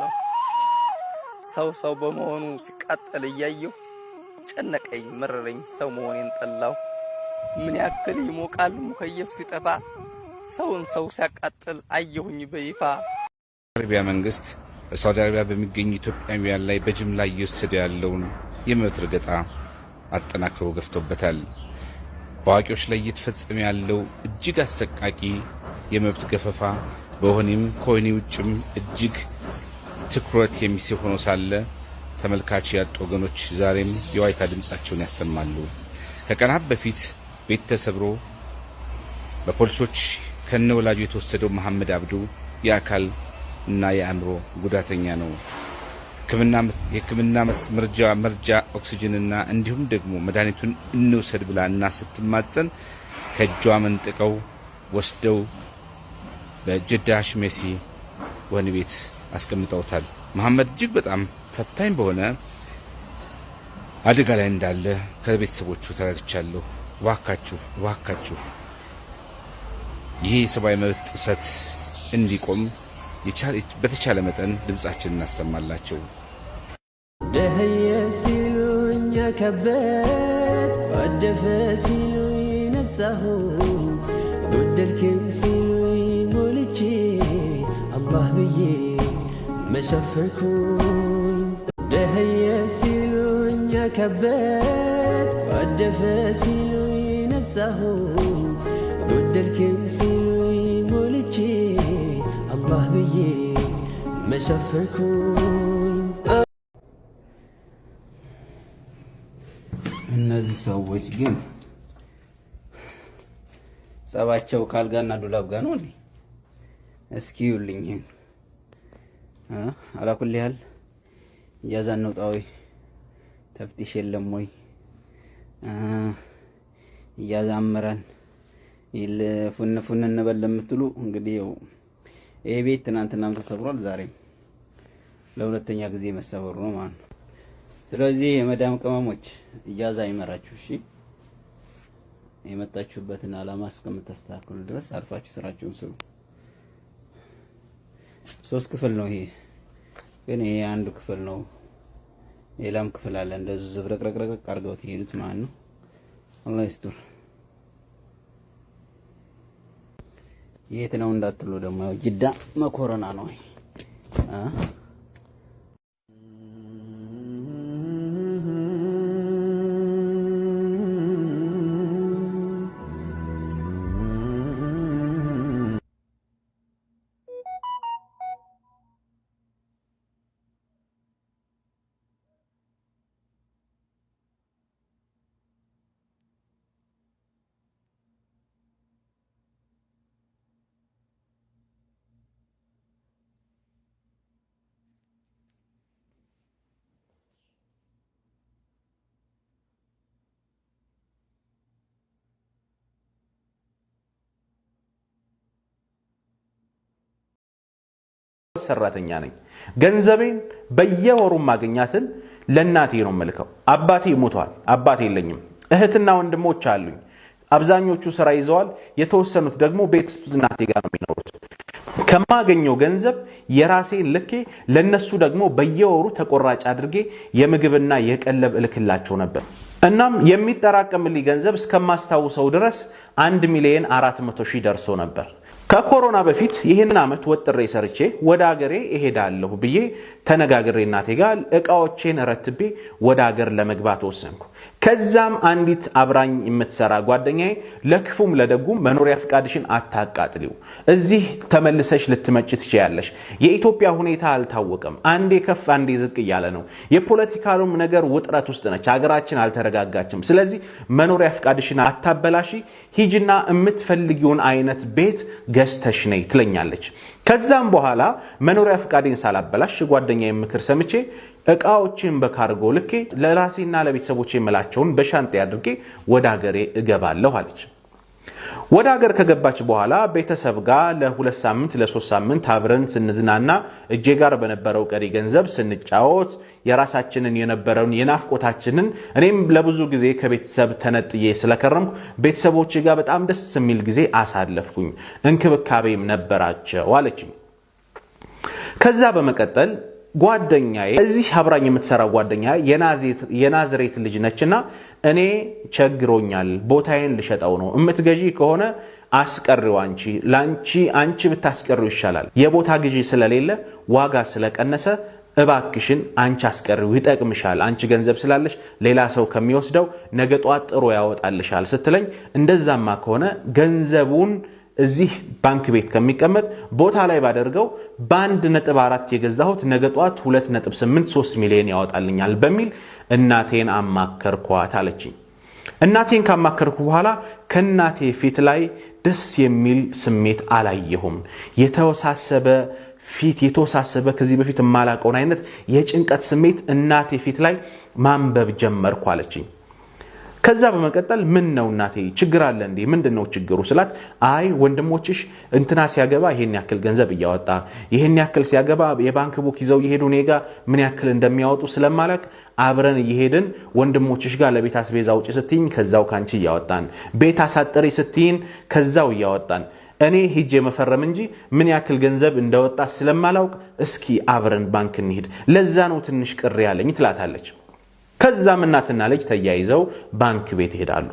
ነው። ሰው ሰው በመሆኑ ሲቃጠል እያየሁ ጨነቀኝ፣ መረረኝ። ሰው መሆኔን ጠላው። ምን ያክል ይሞቃል ሙከየፍ ሲጠፋ ሰውን ሰው ሲያቃጥል አየሁኝ በይፋ። አረቢያ መንግስት በሳውዲ አረቢያ በሚገኙ ኢትዮጵያውያን ላይ በጅምላ እየወሰደ ያለውን የመብት ረገጣ አጠናክሮ ገፍቶበታል። በአዋቂዎች ላይ እየተፈጸመ ያለው እጅግ አሰቃቂ የመብት ገፈፋ በሆኔም ከወህኒ ውጭም እጅግ ትኩረት የሚስብ ሆኖ ሳለ ተመልካች ያጡ ወገኖች ዛሬም የዋይታ ድምፃቸውን ያሰማሉ። ከቀናት በፊት ቤት ተሰብሮ በፖሊሶች ከነወላጁ የተወሰደው መሐመድ አብዱ የአካል እና የአእምሮ ጉዳተኛ ነው። የሕክምና መርጃ መርጃ ኦክሲጅንና እንዲሁም ደግሞ መድኃኒቱን እንውሰድ ብላ እና ስትማጸን ከእጇ መንጥቀው ወስደው በጀዳ ሽሜሲ ወህኒ ቤት አስቀምጠውታል። መሐመድ እጅግ በጣም ፈታኝ በሆነ አደጋ ላይ እንዳለ ከቤተሰቦቹ ተረድቻለሁ። እባካችሁ እባካችሁ ይሄ የሰብአዊ መብት ጥሰት እንዲቆም በተቻለ መጠን ድምፃችን እናሰማላቸው። ደህየ ሲሉኝ ከበት አደፈ ሲሉኝ ነጻሁ ጎደልክም ሲሉኝ ሞልቼ አላህ ብዬ መሸፈንኩኝ ደህየ ሲሉኝ አከበት ጓደፈ ሲሉኝ ነጻሁኝ ጎደልክም ሲሉኝ ሞልቼ አላህ ብዬ መሸፈንኩኝ። እነዚህ ሰዎች ግን ጸባቸው ካልጋና ዱላብ ጋ ነው። እስኪ ይውልኝ አላኩል ያህል እጃዛ እንውጣ ወይ ተፍቲሽ የለም ወይ እጃዛ አምረን ፉን ፉን እንበል ለምትሉ እንግዲህ ያው ይሄ ቤት ትናንትናም ተሰብሯል፣ ዛሬም ለሁለተኛ ጊዜ መሰበሩ ነው ማለት ነው። ስለዚህ የመዳም ቅመሞች እጃዛ ይመራችሁ። እሺ የመጣችሁበትን ዓላማ እስከምታስተካክሉ ድረስ አርፋችሁ ስራችሁን ስሩ። ሶስት ክፍል ነው ይሄ። ግን ይሄ አንዱ ክፍል ነው። ሌላም ክፍል አለ። እንደዚህ ዝብረቅረቅረቅ አድርገው ትሄዱት ማለት ነው። አላህ ይስጥር። የት ነው እንዳትሉ ደግሞ ጅዳ መኮረና ነው ሰራተኛ ነኝ። ገንዘቤን በየወሩ ማገኛትን ለእናቴ ነው መልከው። አባቴ ሞቷል። አባት የለኝም። እህትና ወንድሞች አሉኝ። አብዛኞቹ ስራ ይዘዋል። የተወሰኑት ደግሞ ቤት እናቴ ጋር ነው የሚኖሩት። ከማገኘው ገንዘብ የራሴን ልኬ ለነሱ ደግሞ በየወሩ ተቆራጭ አድርጌ የምግብና የቀለብ እልክላቸው ነበር። እናም የሚጠራቀምልኝ ገንዘብ እስከማስታውሰው ድረስ አንድ ሚሊየን አራት መቶ ሺህ ደርሶ ነበር። ከኮሮና በፊት ይህን ዓመት ወጥሬ ሰርቼ ወደ አገሬ እሄዳለሁ ብዬ ተነጋግሬ እናቴ ጋር እቃዎቼን ረትቤ ወደ አገር ለመግባት ወሰንኩ። ከዛም አንዲት አብራኝ የምትሰራ ጓደኛዬ ለክፉም ለደጉም መኖሪያ ፍቃድሽን አታቃጥሊው፣ እዚህ ተመልሰሽ ልትመጭ ትችያለሽ። የኢትዮጵያ ሁኔታ አልታወቀም፣ አንዴ ከፍ አንዴ ዝቅ እያለ ነው። የፖለቲካሉም ነገር ውጥረት ውስጥ ነች፣ ሀገራችን አልተረጋጋችም። ስለዚህ መኖሪያ ፍቃድሽን አታበላሺ፣ ሂጅና የምትፈልጊውን አይነት ቤት ገዝተሽ ነይ ትለኛለች። ከዛም በኋላ መኖሪያ ፍቃዴን ሳላበላሽ ጓደኛዬ ምክር ሰምቼ እቃዎችን በካርጎ ልኬ ለራሴና ለቤተሰቦች የምላቸውን በሻንጤ አድርጌ ወደ ሀገሬ እገባለሁ አለች። ወደ ሀገር ከገባች በኋላ ቤተሰብ ጋር ለሁለት ሳምንት ለሶስት ሳምንት አብረን ስንዝናና እጄ ጋር በነበረው ቀሪ ገንዘብ ስንጫወት የራሳችንን የነበረውን የናፍቆታችንን እኔም ለብዙ ጊዜ ከቤተሰብ ተነጥዬ ስለከረምኩ ቤተሰቦች ጋር በጣም ደስ የሚል ጊዜ አሳለፍኩኝ፣ እንክብካቤም ነበራቸው አለችኝ። ከዛ በመቀጠል ጓደኛዬ እዚህ አብራኝ የምትሰራ ጓደኛ የናዝሬት ልጅ ነችና እኔ ቸግሮኛል፣ ቦታዬን ልሸጠው ነው። እምትገዢ ከሆነ አስቀሪው፣ አንቺ ለአንቺ አንቺ ብታስቀሪው ይሻላል። የቦታ ግዢ ስለሌለ ዋጋ ስለቀነሰ እባክሽን አንቺ አስቀሪው፣ ይጠቅምሻል። አንቺ ገንዘብ ስላለሽ ሌላ ሰው ከሚወስደው ነገ ጧት ጥሩ ያወጣልሻል ስትለኝ፣ እንደዛማ ከሆነ ገንዘቡን እዚህ ባንክ ቤት ከሚቀመጥ ቦታ ላይ ባደርገው በአንድ ነጥብ አራት የገዛሁት ነገ ጠዋት ሁለት ነጥብ ስምንት ሶስት ሚሊዮን ያወጣልኛል በሚል እናቴን አማከርኳት አለችኝ። እናቴን ካማከርኩ በኋላ ከእናቴ ፊት ላይ ደስ የሚል ስሜት አላየሁም። የተወሳሰበ ፊት የተወሳሰበ ከዚህ በፊት የማላቀውን አይነት የጭንቀት ስሜት እናቴ ፊት ላይ ማንበብ ጀመርኩ አለችኝ። ከዛ በመቀጠል ምን ነው እናቴ ችግር አለ እንዴ? ምንድን ነው ችግሩ ስላት፣ አይ ወንድሞችሽ እንትና ሲያገባ ይሄን ያክል ገንዘብ እያወጣ ይሄን ያክል ሲያገባ የባንክ ቡክ ይዘው እየሄዱ እኔ ጋ ምን ያክል እንደሚያወጡ ስለማላቅ አብረን እየሄድን ወንድሞችሽ ጋር ለቤት አስቤዛ ውጪ ስትይኝ ከዛው ካንቺ እያወጣን፣ ቤት አሳጥሪ ስትይን ከዛው እያወጣን እኔ ሂጄ መፈረም እንጂ ምን ያክል ገንዘብ እንደወጣ ስለማላውቅ እስኪ አብረን ባንክ እንሂድ፣ ለዛ ነው ትንሽ ቅር ያለኝ ትላታለች። ከዛም እናትና ልጅ ተያይዘው ባንክ ቤት ይሄዳሉ።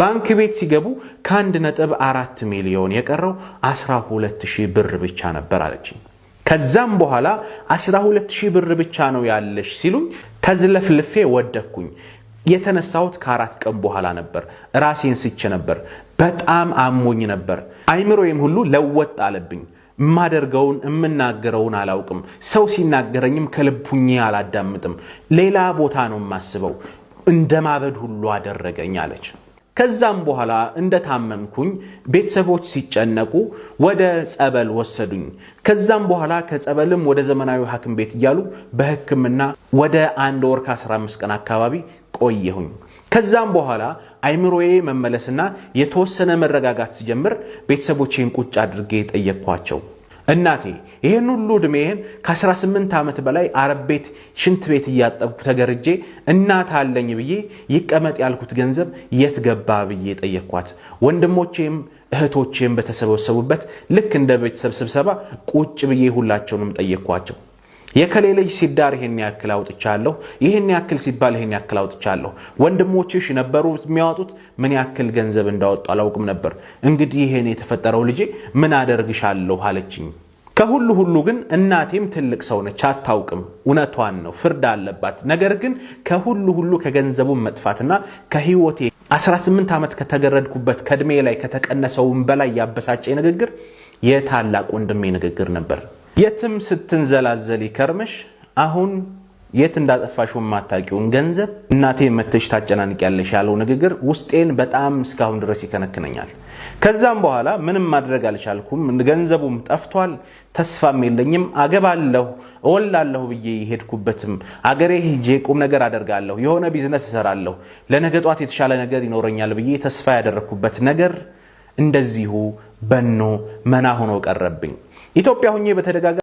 ባንክ ቤት ሲገቡ ከአንድ ነጥብ አራት ሚሊዮን የቀረው 12 ሺህ ብር ብቻ ነበር አለች። ከዛም በኋላ 12 ሺህ ብር ብቻ ነው ያለሽ ሲሉኝ ተዝለፍልፌ ወደኩኝ። የተነሳሁት ከአራት ቀን በኋላ ነበር። ራሴን ስቼ ነበር። በጣም አሞኝ ነበር። አይምሮዬም ሁሉ ለወጥ አለብኝ። የማደርገውን የምናገረውን አላውቅም። ሰው ሲናገረኝም ከልቡኝ አላዳምጥም። ሌላ ቦታ ነው የማስበው። እንደ ማበድ ሁሉ አደረገኝ አለች። ከዛም በኋላ እንደታመምኩኝ ቤተሰቦች ሲጨነቁ ወደ ጸበል ወሰዱኝ። ከዛም በኋላ ከጸበልም ወደ ዘመናዊ ሐኪም ቤት እያሉ በሕክምና ወደ አንድ ወር ከ15 ቀን አካባቢ ቆየሁኝ። ከዛም በኋላ አይምሮዬ መመለስና የተወሰነ መረጋጋት ሲጀምር ቤተሰቦቼን ቁጭ አድርጌ ጠየቅኳቸው። እናቴ ይህን ሁሉ ዕድሜህን ከ18 ዓመት በላይ አረብ ቤት ሽንት ቤት እያጠብኩ ተገርጄ እናት አለኝ ብዬ ይቀመጥ ያልኩት ገንዘብ የት ገባ ብዬ ጠየቅኳት። ወንድሞቼም እህቶቼም በተሰበሰቡበት ልክ እንደ ቤተሰብ ስብሰባ ቁጭ ብዬ ሁላቸውንም ጠየቅኳቸው። የከሌ ልጅ ሲዳር ይሄን ያክል አውጥቻለሁ፣ ይሄን ያክል ሲባል ይሄን ያክል አውጥቻለሁ፣ ወንድሞችሽ ነበሩ የሚያወጡት ምን ያክል ገንዘብ እንዳወጡ አላውቅም ነበር። እንግዲህ ይሄን የተፈጠረው ልጄ ምን አደርግሻለሁ አለችኝ። ከሁሉ ሁሉ ግን እናቴም ትልቅ ሰው ነች፣ አታውቅም። እውነቷን ነው፣ ፍርድ አለባት። ነገር ግን ከሁሉ ሁሉ ከገንዘቡ መጥፋትና ከህይወቴ 18 ዓመት ከተገረድኩበት ከእድሜ ላይ ከተቀነሰውም በላይ ያበሳጨኝ ንግግር የታላቅ ወንድሜ ንግግር ነበር። የትም ስትንዘላዘል ይከርምሽ አሁን የት እንዳጠፋሽው የማታውቂውን ገንዘብ እናቴ መተሽ ታጨናንቂያለሽ ያለው ንግግር ውስጤን በጣም እስካሁን ድረስ ይከነክነኛል። ከዛም በኋላ ምንም ማድረግ አልቻልኩም። ገንዘቡም ጠፍቷል፣ ተስፋም የለኝም። አገባለሁ፣ እወላለሁ ብዬ የሄድኩበትም አገሬ ሄጄ ቁም ነገር አደርጋለሁ፣ የሆነ ቢዝነስ እሰራለሁ፣ ለነገ ጧት የተሻለ ነገር ይኖረኛል ብዬ ተስፋ ያደረግኩበት ነገር እንደዚሁ በኖ መና ሆኖ ቀረብኝ። ኢትዮጵያ ሁኜ በተደጋጋሚ